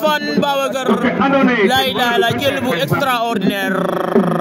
Stéphane Babacar lay la la jël bu extraordinaire